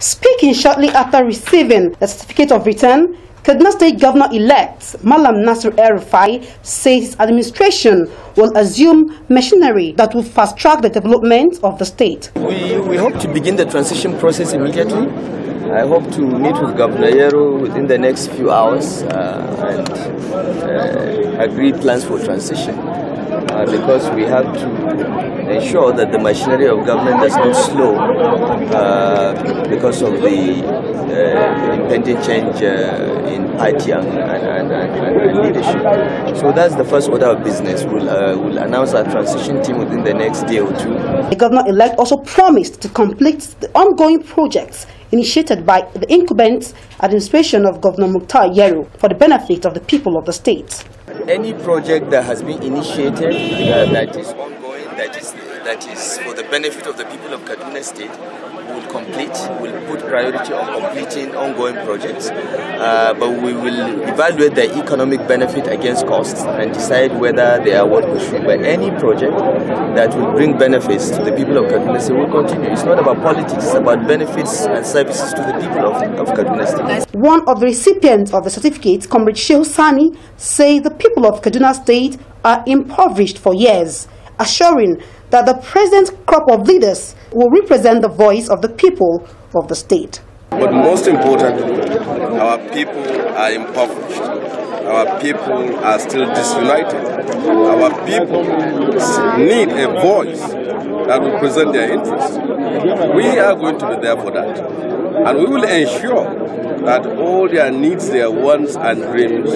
Speaking shortly after receiving the certificate of return, Kaduna State Governor-elect Malam Nasir el says his administration will assume machinery that will fast-track the development of the state. We, we hope to begin the transition process immediately. I hope to meet with Governor Yero within the next few hours uh, and uh, agree plans for transition uh, because we have to ensure that the machinery of government does not slow uh, because of the uh, impending change uh, in party and, and, and, and, leadership. So that's the first order of business. We'll, uh, we'll announce our transition team within the next day or two. The governor-elect also promised to complete the ongoing projects initiated by the incumbent administration of Governor Mukhtar Yero for the benefit of the people of the state any project that has been initiated uh, that is ongoing, that is that is for the benefit of the people of Kaduna State, will complete, will put priority on completing ongoing projects, uh, but we will evaluate the economic benefit against costs and decide whether they are worth pursuing. But any project that will bring benefits to the people of Kaduna State will continue. It's not about politics, it's about benefits and services to the people of, of Kaduna State. One of the recipients of the certificate, Comrade Shehu Sani, say the people of Kaduna State are impoverished for years, assuring that the present crop of leaders will represent the voice of the people of the state. But most importantly, our people are impoverished. Our people are still disunited. Our people need a voice that will present their interests. We are going to be there for that. And we will ensure that all their needs, their wants and dreams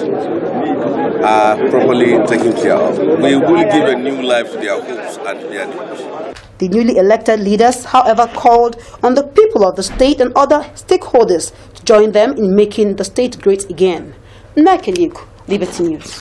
are properly taken care of. We will give a new life to their hopes and their dreams. The newly elected leaders, however, called on the people of the state and other stakeholders to join them in making the state great again. Nakeliku, Liberty News.